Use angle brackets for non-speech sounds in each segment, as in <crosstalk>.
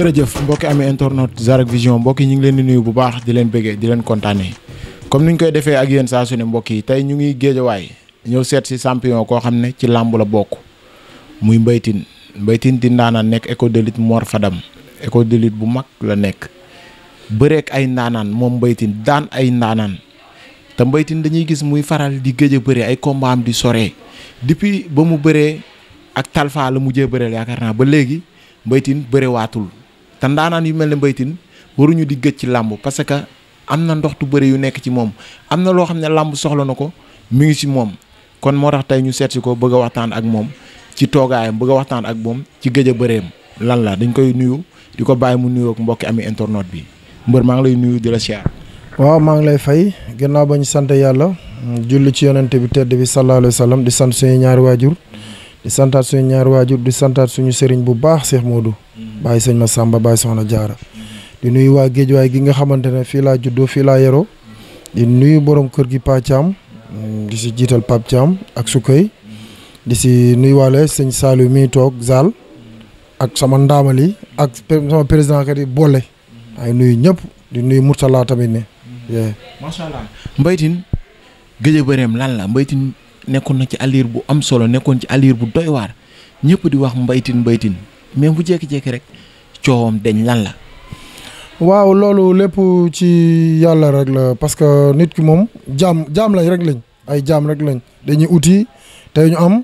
jërëjëf mbokki amee internet Zarak Vision mbokki ñu ngi leen di nuyu bu baax di leen bëggee di leen kontaanee comme ni ñu koy defee ak yéen saa su ne mbokk yi tey ñu ngi géejawaay ñew si champion ko xam ci lamb la bokk muy mbeytin mbeytin di nana nek eco de Mor Fadam eco de lutte bu mak la nek beurek ay nanan mom mbeytin dan daan ay nanan te mbeytin dañuy gis muy faral di geje beure ay combat am di soré depuis ba mu bëree ak Talfa la mu bëreel yaakaar yakarna ba léegi mbeytin Tine watul te nanan yu melni mbeytin Mbaye waruñu di geej ci lamb parce que amna ndox tu bëri yu nek ci mom amna lo lamb soxla nako mi ngi ci mom kon mo tax tay ñu seet ko bëgg waxtaan ak mom ci toogaayam bëgg waxtaan ak mom ci géej bëreem lan la dañ koy nuyu di ko mu nuyu ak mbokk ami internet bi mbeur ma ngi lay nuyu di la siyaar waaw ma ngi lay fay gënaa ba sante yalla yàlla julli ci yonente bi tedd bi sallallahu alayhi wasallam di sante suñu ñaar wajur di sante suñu ñaar wajur di sante suñu sëriñ bu baax Cheikh Modou mm-hmm. baye sëñ Samba soxna Jaara di nuyu wa géej gi nga xamantene fi la juddo fi la yero di nuyu borom kër gi cham Mm, di si jiital Pape Thiam ak Sukkay di si nuyuwaale sëñ Saliou mi toog Zal ak sama ndaamali ak sama président kat yi boole ay nuyu ñëpp di nuyu Mourtala tamit ne. macha allah Mbaye Tine bëreem lan la mbaytin nekkoon na ci allure bu am solo nekkoon ci allure bu doy waar ñëpp di wax mbaytin mbaytin Mbaye mais bu jékki-jékki rek coowam deñ lan la. waaw loolu lépp ci yàlla rek la parce que nit ki moom jaam jaam lañ rek lañ ay jaam rek lañ dañuy uti tey ñu am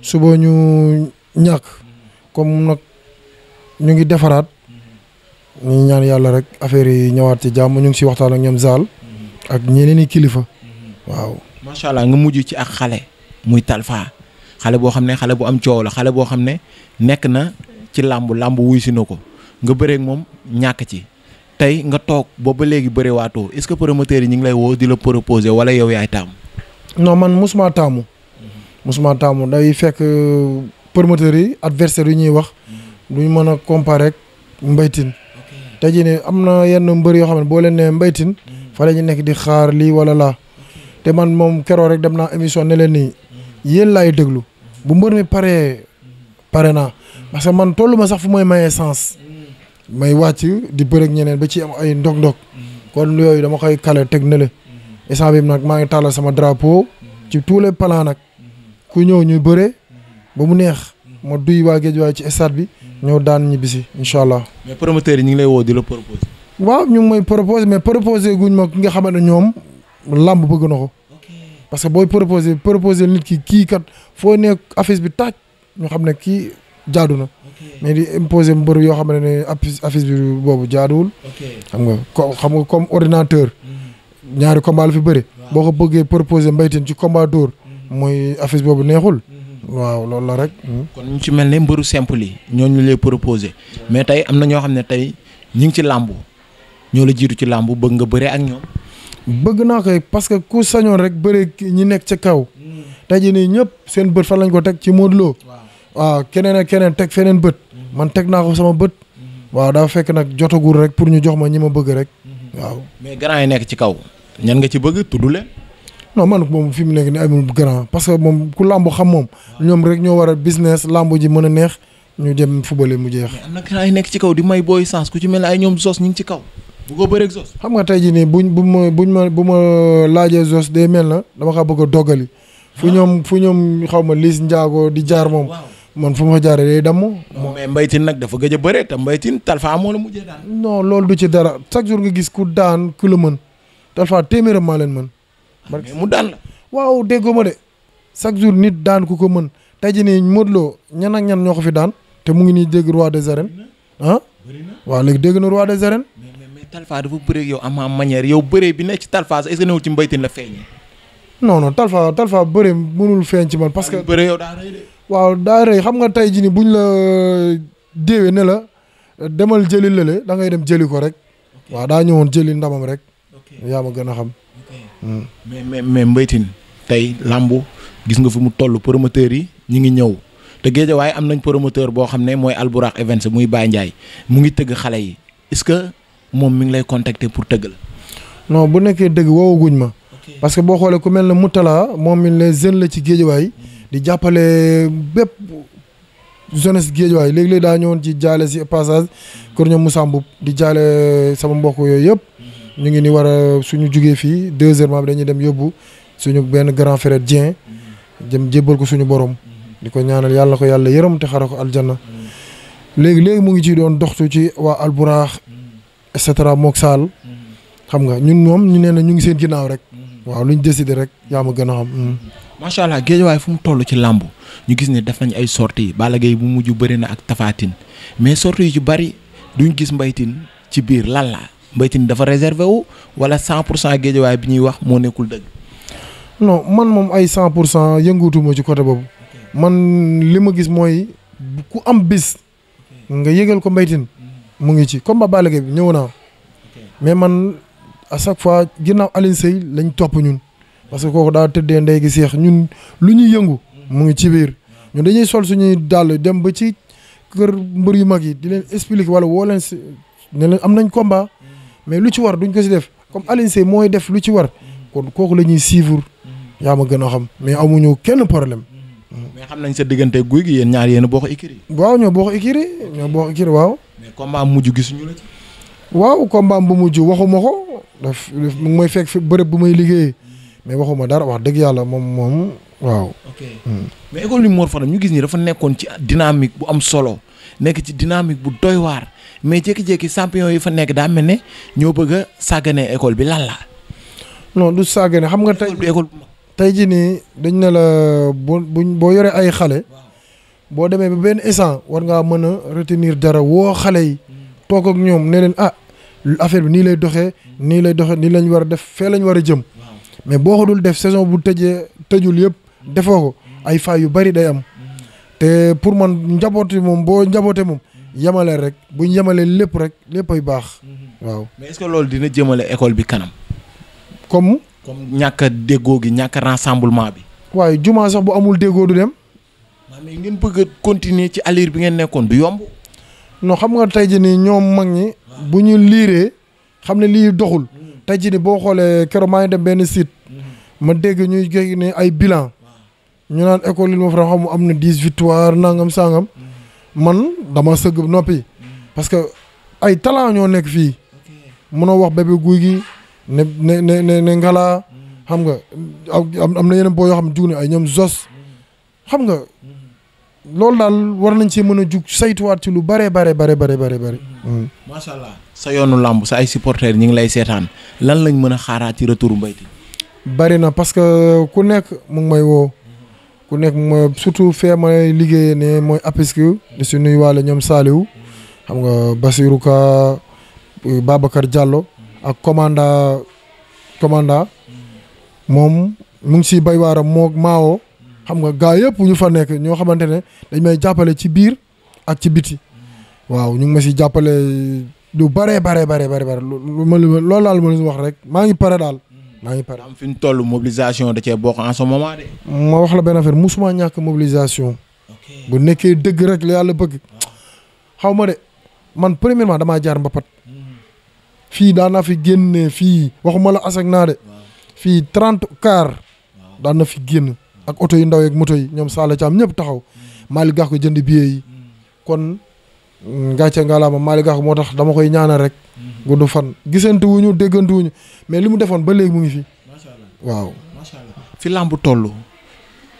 suba ñu ñàkk comme nag ñu ngi defaraat ñu ñaan yàlla rek affaire yi ñëwaat ci jàmm ñu ngi si waxtaan ak ñoom zaal ak ñeneen i kilifa waaw. macha allah nga mujj ci ak xale muy Talfa xale boo xam ne xale bu am coow la xale boo xam ne nekk na ci làmb làmb wuy si na ko nga bëreek moom ñàkk ci. tey nga toog booba ba léegi bëriwaatoo est-ce que promoteurs yi ñu ngi lay woo di la proposer wala yow yaay taamu. non man mosuma taamu. mosuma taamu day fekk euh, promoteurs yi adversaires yi ñuy wax. duñ mën a comparer mbaytin te ji am na yenn mbër yoo xam ne boo leen nee mbaytin mm-hmm. fa la ñu nekk di xaar lii wala laa. te man moom keroog rek dem naa émission ne leen nii mm-hmm. yéen laay déglu bu mbër mi paree pare naa mm-hmm. parce que man tollu sax fu mooy mayee may wàcc di bëreeg ñeneen ba ci am ay ndog-ndog kon yooyu dama koy kale teg na le instant bi nag maa ngi tàllal sama drapeau ci tous les plans nag ku ñëw ñu bëre ba mu neex ma duy waa géej waaye ci stade bi ñëw daan ñibbisi incha allah. mais promoteurs yi ñu ngi lay woo di la proposer. waaw ñu ngi may proposer mais proposer guñ ma ki nga xamante ne ñoom làmb bëgg na ko. parce que booy proposer proposer nit ki kii kat foo nekk affice bi taaj ñu xam ne kii jaadu na. mais di imposer mbër yoo xam ne affiche bi boobu jaaduwul. xam nga ko xam nga comme ordinateur. Mm-hmm. ñaari combat la fi bëri. boo ko bëggee proposer mbaytin ci combat dóor. Mm-hmm. mooy affiche boobu neexul. Mm-hmm. waaw lool la rek. Mm. kon ñu ci mel ne mbëru simple yi ñooñu lay proposer mais tey am na ñoo xam ne tey ñu ngi ci làmb ñoo la jiitu ci làmb bëgg nga bëree ak ñoom. bëgg naa koy parce que ku sañoon rek bëri ñi nekk ca kaw. Mm. tey jii nii ñëpp seen bët fan lañ ko teg ci Modou waaw keneen ak keneen teg feneen bët mhm. man teg naa ko sama bët mhm. waaw daa fekk nag jotagul rek pour ñu jox ma ñi ma bëgg rek mhm. waaw. mais grand yi nekk ci kaw. ñan nga ci bëgg tudd le non man moom fi mu nekk nii amul grand parce que moom ku làmb xam moom. ñoom rek ñoo war a business làmb ji mën a neex ñu dem fubale mu jeex. na grand yi nekk ci kaw di may booy sens ku ci mel ne ay ñoom Zos ñu ngi ci kaw. bu ko bëree xam nga tey jii nii buñ bu ma buñ ma bu ma laajee Zos day mel na dama kaa bëgg a doggali. fu ñoom fu ñoom xaw ma liis njaago di jaar moom. man fu ma jaaree day damm. moom mais Mbaye Tine nag dafa gëj a bëre te Mbaye Tine Talfa moo la mujjee daan. non loolu du ci dara chaque jour nga gis ku daan ku la mën Talfa téeméeram maa leen mën. mu daan la. waaw déggoo ma de chaque jour nit daan ku ko mën tey jii nii Lo ñan ak ñan ñoo ko fi daan te mu ngi nii dégg roi de arènes ah. waaw léegi dégg na roi des arènes. mais mais Talfa bëree ci Talfa est-ce que newul ci Mbaye mënul feeñ ci man parce que. bëre yow daa rëy de. waaw daayira yi xam nga tey jii ni buñ la déewee ne la demal jëli lële da ngay dem jëli ko rek waaw daa ñëwoon jëli ndamam rek yaa ma gën a xam hmm. mais mais mais Mbaye Tine tey làmbu gis nga fi mu toll promoteurs yi ñu ngi ñëw te Géejawaay am nañ promoteur boo xam ne mooy Alburax Events muy Baye Ndiaye mu ngi tëgg xale yi est-ce que moom mi ngi lay contacter pour tëgg la non bu nekkee dëgg woowaguñ ma parce que boo xoolee ku mel ne Moutala moom mi les jeunes la ci Géejawaay hmm. di jàppale bépp jeunesse Guédiawaye léegi-léegi daa ñëwoon ci jaale si passage kër ñoom Moussa Mboup di jaale sama mbokk yooyu yëpp ñu ngi ni war a suñu jugee fii deux heures maam dañuy dem yóbbu suñu benn grand frère Dieng jëm jébbal ko suñu borom di ko ñaanal yàlla ko yàlla yërëm te xara ko aljanna léegi léegi mu ngi ci doon doxtu ci waa Alburaax et cetera mook Saal xam nga ñun moom ñu nee na ñu ngi seen ginnaaw rek waaw lu ñu décidé rek yaa ma gën a xam. Hmm. macha allah géejawaay fu mu toll ci làmb ñu gis ne def nañ ay sorties Balla Gaye bu mujj bëri na ak tafaatin mais sorti yu ci bëri duñ gis mbaytin ci biir lan la mbaytin dafa réservé wu wala 100 cent géejawaay bi ñuy wax moo nekkul dëgg. non man moom ay 100 pour cent yënguutuma ci côté boobu man li ma gis mooy ku am bis nga yëgal ko Mbaye mu ngi ci combat Balla Gaye bi ñëw naa mais man. à chaque fois ginnaaw Alioune Seye lañ topp ñun parce que kooku daa tëddee ndey gi seex ñun lu ñuy yëngu mu ngi ci biir ñun dañuy sol suñuy dàll dem ba ci kër mbër yu mag yi di leen expliquer wala woo leen si ne am nañ combat mais lu ci war duñ ko si def comme Alioune Seye mooy def lu ci war kon kooku la ñuy suivre yaa ma gën a xam mais amuñu kenn problème. mais xam nañ sa diggante guy gi yéen ñaar yéen a boo ko écrir. waaw ñoo boo ko écrir ñoo boo ko écrir waaw. mais combat la ci. waaw combat mu mujj waxuma ko mu mooy fekk fi bërëb bu may liggéeyee mais waxuma dara wax dëgg yàlla moom moom waaw. Hmm. mais école Mor Fadam ñu gis nii dafa nekkoon ci dynamique bu am solo nekk ci dynamique bu doy mais jékki-jékki champion yi fa nekk daa mel ne ñoo bëgg a école bi lan la. non du sàggane xam nga tey école tey jii nii dañ ne la boo boo yoree ay xale. boo demee ba benn instant war ngaa mën a retenir dara woo xale yi. toog ak ñoom ne ah, affaire bi nii lay doxee nii lay doxee nii lañ war a def fee lañ war a jëm mais boo ko def saison bu tëjee tëjul yëpp defoo ko ay fay yu bari day am te pour man njabooti moom boo njaboote moom yemale rek buñ ñu lépp rek lépp ay baax mm-hmm. waaw. mais est-ce loolu dina jëmale école bi kanam. comme. comme ñàkk a déggoo gi ñàkk rensemblement bi. waaye jumaa sax bu amul déggoo du dem. mais ngeen bëgg a continuer ci allure bi ngeen nekkoon du yomb. non xam nga tey jii ñoom mag ñi. bu ñu liiree xam ne lii doxul tey jii ni boo xoolee keroog maa dem benn site mm-hmm. ma dégg ñuy génne ne ay bilan ñu naan école yi ma fa xam am na dix victoire nangam sangam mm-hmm. man dama sëgg noppi mm-hmm. parce que ay talent ñoo nekk fii mënoo wax bébé guy gi ne ne ne ne ne ngalaa xam nga am na yeneen boo yoo xam ne jug ne ay ñoom zos xam nga loolu daal war nañ cee mën a jug saytuwaat ci lu bare bare bare bare bare bare. Mm-hmm. Mm. macha sa yoonu làmb sa ay supporters ñu ngi lay seetaan lan lañ mën a xaaraat ci retour Mbaye Tine. bari na parce que ku nekk mu ngi may woo. ku nekk mu may surtout fee may liggéeyee ne mooy APESQ. di si nuyuwaale ñoom Saliou. xam nga Basirou Ka Babacar Diallo. ak commanda commanda mm-hmm. moom mu ngi siy bay waaram moo maawoo. xam nga gaa yëpp ñu fa nekk ñoo xamante ne dañ may jàppale ci biir ak ci biti waaw ñu ngi ma si jàppale lu bare bare bare bare bare lu ma loolu daal ma leen wax rek maa ngi pare daal maa ngi pare. am fi ñu toll mobilisation da cee bokk en ce moment de. ma wax la benn affaire musuma ñàkk mobilisation. bu nekkee dëgg rek la yàlla bëgg. xaw ma de man premièrement damaa jaar mbapat. fii daan fi génne fii waxuma la asak naa de. fii trente car daan na fi génn. ak oto yu ndaw yeeg moto yi ñoom Saala Thiam ñëpp taxaw mm. gaa ko jënd bii yi mm. kon gàcce ngalaama Malick Gakou moo tax dama koy ñaanal rek mm-hmm. gudd fan gisante wuñu déggante wuñu mais li mu defoon ba léegi mu ngi fi waaw fi làmb toll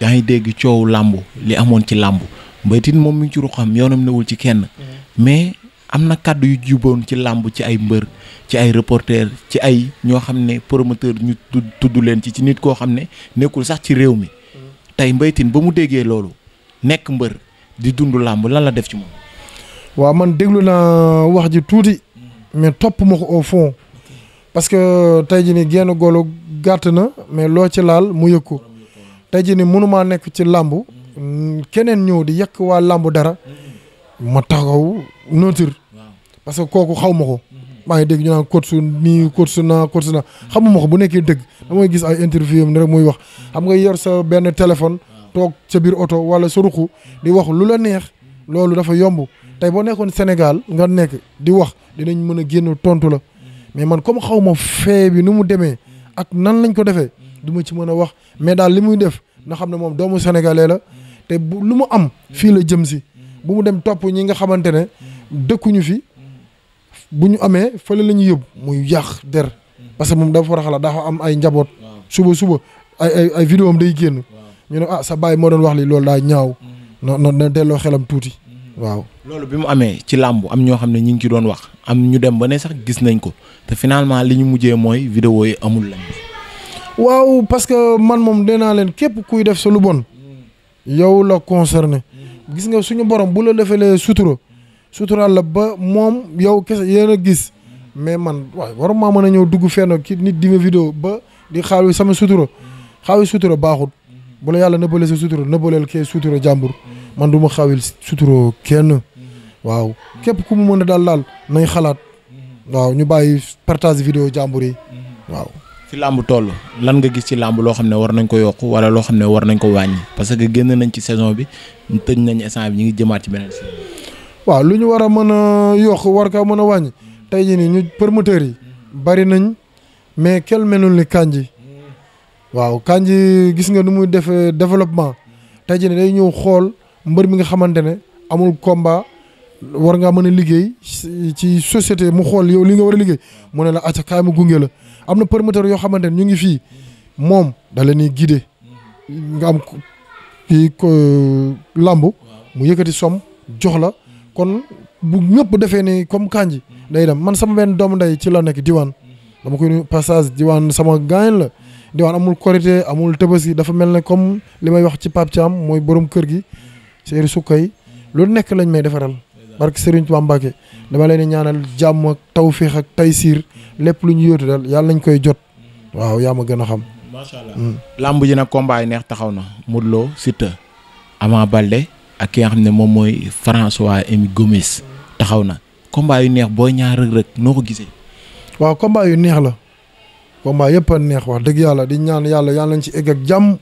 yaa ngi dégg coow làmb li amoon ci làmb mbaytin moom mu ngi ci ruxam yoonam newul ci kenn mm-hmm. mais am na kàddu yu juboon ci làmb ci ay mbër ci ay reporter ci ay ñoo xam ne promoteur ñu tudd leen ci ci nit koo xam ne nekkul sax ci réew mi tey Mbaye Tine ba mu déggee loolu nekk mbër di dund làmb lan la def ci moom. waaw man déglu naa wax ji tuuti. mais topp ma ko au fond. parce que tey jii nii genn golo gàtt na mais loo ci laal mu yëg ko tey jii nii mënumaa nekk ci làmb. keneen ñëw di yekk waa làmb dara. ma taxaw nootir. parce kooku xaw ma ko. maa ngi dégg ñu naan coach su nii coach su naa coach su naa xamuma ko bu nekkee dëgg damay gis ay interview am ne rek muy wax xam nga yor sa benn téléphone toog sa biir oto wala sa di wax lu la neex loolu dafa yomb tey boo nekkoon Sénégal nga nekk di wax dinañ mën a génn tontu la mais man comme xaw ma fee bi nu mu demee ak nan lañ ko defee du ma ci mën a wax mais daal li muy def na xam ne moom doomu sénégalais la te bu lu mu am fii la jëm si bu mu dem topp ñi nga xamante ne dëkkuñu fi bu ñu amee fële la ñuy yóbbu muy yàq der parce que moom dafa war a dafa am ay njaboot suba suba ay ay ay day génn ñu ne ah sa baay moo doon wax li loolu daa ñaaw mm-hmm. no na delloo xelam tuuti mm-hmm. waaw loolu bi mu amee ci làmb am ñoo xam ne ñi ngi ci doon wax am ñu dem ba ne sax gis nañ ko te finalement li ñu mujjee mooy vidéo yi amul lañ waaw parce que man moom nee naa leen képp kuy def sa lu bon mm. yow la concerné mm. gis nga suñu borom bu la defalee sutura suturaal la ba moom yow kese yéen a gis mais man waaye waru maa mën a ñëw dugg fenn ki nit di ma vidéo ba di xaawi sama suturo xaawi sutura baaxut bu la yàlla nëbbalee sa sutura nëbbaleel kee sutura jàmbur man du ma xaawil sutura kenn waaw képp ku mu mën a daal daal nañ xalaat waaw ñu bàyyi partage vidéo jàmbur yi waaw ci làmb toll lan nga gis ci làmb loo xam ne war nañ ko yokk wala loo xam ne war nañ ko wàññi parce que génn nañ ci saison bi tëj nañ instant ñu ngi jëmaat ci beneen waaw lu ñu war a mën a yokk war ka mën a wàññi tey jii nii ñu promoteurs yi bari nañ mais quel menul ni kanji waaw kanji gis nga nu muy defee développement tey jii day ñëw xool mbër mi nga xamante ne amul combat war nga mën a liggéey ci société mu xool yow li nga war a liggéey mu ne la acca kaay mu gunge la am na promoteur yoo xamante ne ñu ngi fii moom da la ni guider nga am kii lambu mu yëkkati som jox la. kon bu ñëpp defee ni comme Kandji day dem man sama benn doomu ndey ci la nekk diwaan dama koy nuyu passage diwaan sama gaañ la diwaan amul korité amul tëbësi dafa mel ne comme li may wax ci Pape Thiam mooy borom kër gi seeri sukka yi lu nekk lañ may defaral barke Serigne Touba Mbacké dama leen ñaanal jàmm ak tawféex ak taysiir lépp lu ñu yóotu daal yàlla nañ koy jot waaw yaa ma gën a xam. macha allah. Mm. làmb ji nag combat neex taxaw na Modou Lo Siteu Ama Baldé. ak ki xam ne moom mooy François Emi Gomis taxaw na combat yu neex booy ñaar rëg rëg noo ko gisee. waaw combat yu neex la komba yëpp a neex wax dëgg yàlla di ñaan yàlla yàlla nañ ci egg ak jàmm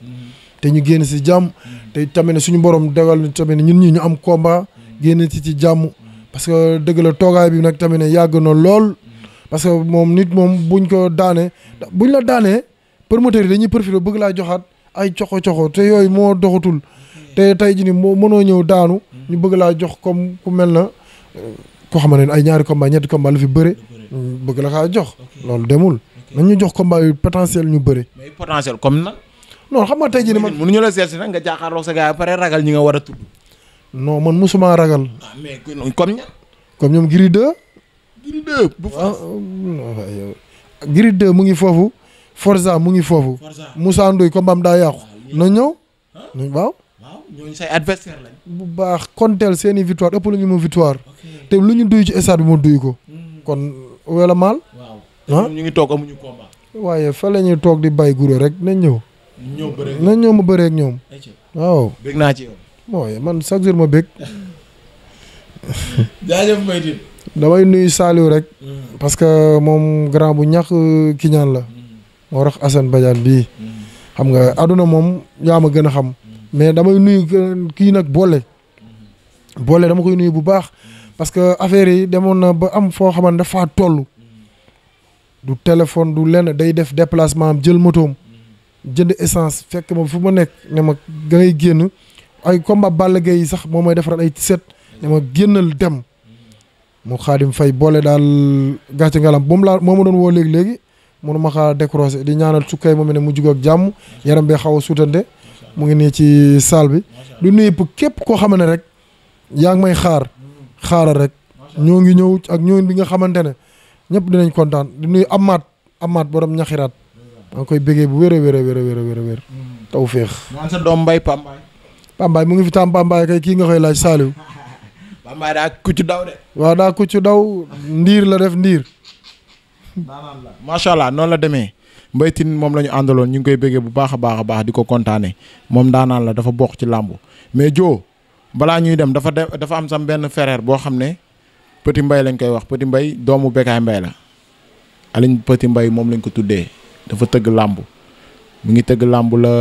te ñu génn si jàmm te tamit suñu borom dogal tamit ñun ñi ñu am komba génn ci ci jàmm parce que dëgg la toogaay bi nag tamit yàgg na lool parce que moom nit moom buñ ko daanee buñ la daanee promoteurs yi dañuy profité bëgg laa joxaat ay coxo coxo te yooyu moo doxatul te tey jii ni moo mënoo ñëw daanu. ñu bëgg laa jox comme ku mel na. koo xamante ne ay ñaari combat ñetti combat la fi bëre. bëgg la kaa jox. loolu demul. nañ ñu jox combat yu ñu bëre. mais potentiel comme na. non xam nga tey jii nii man mënuñu la seet si nag nga jaaxaarloo sa gars ba pare ragal ñi nga war a tudd. non man musuma ragal. Ah, mais comme ña. comme ñoom Gris 2. Gris ah, mu ngi foofu. Forza mu ngi foofu. Forza Moussa Ndoye combat am daa yàqu. Ah, na ñëw ñooñu say adversaire lañ. bu baax konteel seen i victoire ëpp nañu ma victoire. te lu ñu duy ci stade bi ma duy ko. Hmm. kon wala maal. Ah? ñu ngi toog amuñu combat. waaye fa la ñuy toog di bay guro rek nañ ñëw. ñëw nañ ñëw ma bëree ak ñoom. waaw bég naa ci yow. man chaque jour ma bég. Hmm. damay nuyu Saliou rek. Hmm. parce que moom grand bu ñax euh, ki ñaan la. moo tax Assane Badiane bii. xam nga àdduna moom yaa ma gën a xam. mais damay nuyu kii nag boole boole dama koy nuyu bu baax parce que affaire yi demoon na ba am foo daf dafaa toll du téléphone du lenn day def déplacement am jël motoom jënd essence fekk ma fu ma nekk ne ma da ngay génn ay combat Balla Gaye yi sax moom mooy defaral ay set ne ma génnal dem mu xaadim fay boole daal gàcce ngalam moom laa moo ma doon woo léegi-léegi mënu ma xaa décroché di ñaanal sukkay moom ne mu jug ak jàmm yaram bi xaw a suutante mu ngi nii ci salle bi du nuyu képp koo xam rek yaa ngi may xaar xaaral rek ñoo ngi ñëw ak ñoo bi nga xamante ne ñëpp dinañ kontaan di nuyu amaat amaat borom ñaxiraat maa ngi koy bégee bu wér a wér a wér a wér a wér mm. taw féex. sa doom mbay Pam mu ngi fi Pam kay kii nga koy laaj Saliou. <laughs> daa daw de. waaw daa daw ndiir la def ndiir. macha allah noonu la demee. Mbaye tin mom la ñu ñu ngi koy bëggé bu baaxa baaxa baax diko contané di ko kontane mom la dafa bok ci làmb mais jo bala ñuy dem dafa dafa am sam benn frère bo xamné Petit mbay lañ koy wax Petit mbay doomu bekay mbay la Aliñ Petit mbay mom lañ ko tuddé dafa tëgg làmb mu ngi tëgg làmb la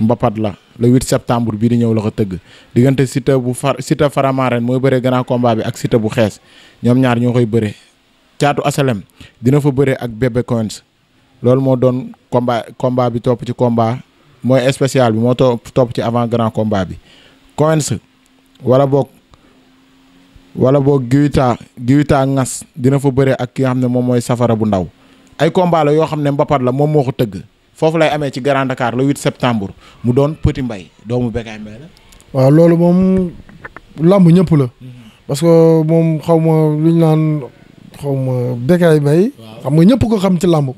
Mbapat la le 8 septembre bi di ñew la ko tëgg diggante cité bu far Siteu Faramaren moy bëree grand combat bi ak cité bu xees ñom ñaar ñokoy koy ciatu asalem dina fa bëree ak Bébé Coins loolu moo doon combat combat bi topp ci komba mooy spécial bi moo topp ci avant grand combat bi Coins wala book wala boog Guita Guita Ngas dina fa bëre ak ki xam ne moom mooy safara bu ndaw ay combat la yoo xam ne mbapat la moom moo ko tëgg foofu lay amee ci Grand Dakar le 8 mu doon pëti Mbay doomu Bécaye Mbay la. waaw loolu moom làmb ñëpp la. parce que moom xaw ma lu ñu naan xaw ma Bécaye xam nga ñëpp ko xam ci làmb.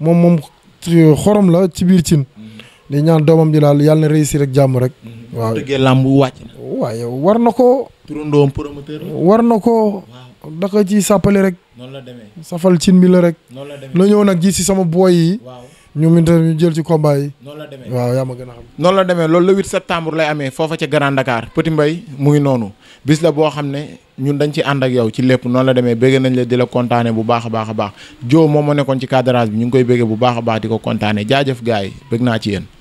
moom moom xorom la ci biir cin li mm-hmm. ñaan doomam ji laal yàlla na réussir ak jàmm rek. Mm-hmm. waaw dëggee làmb wàcc na. waaye war na ko. turandoom promoteur war na ko. da ko ci sàppali rek. noonu la demee safal cin bi la rek. noonu la demee la ñëw nag gis si sama booy yi. waaw ñoom itam ñu jël ci combat yi. noonu la demee waaw yaa ma gën a xam. noonu la demee loolu le 8 septembre lay amee foofa ca Grand Dakar Petit Mbaye mu ngi noonu bis la boo xam ne. ñun dañ ci ànd ak yow ci lépp noonu la demee bëgg nañ la di la kontaane bu baax a baax a baax joo moom ma nekkoon ci cadrage bi ñu ngi koy bëgge bu baax a baax di ko kontaane jaajëf gars yi bëgg naa ci yéen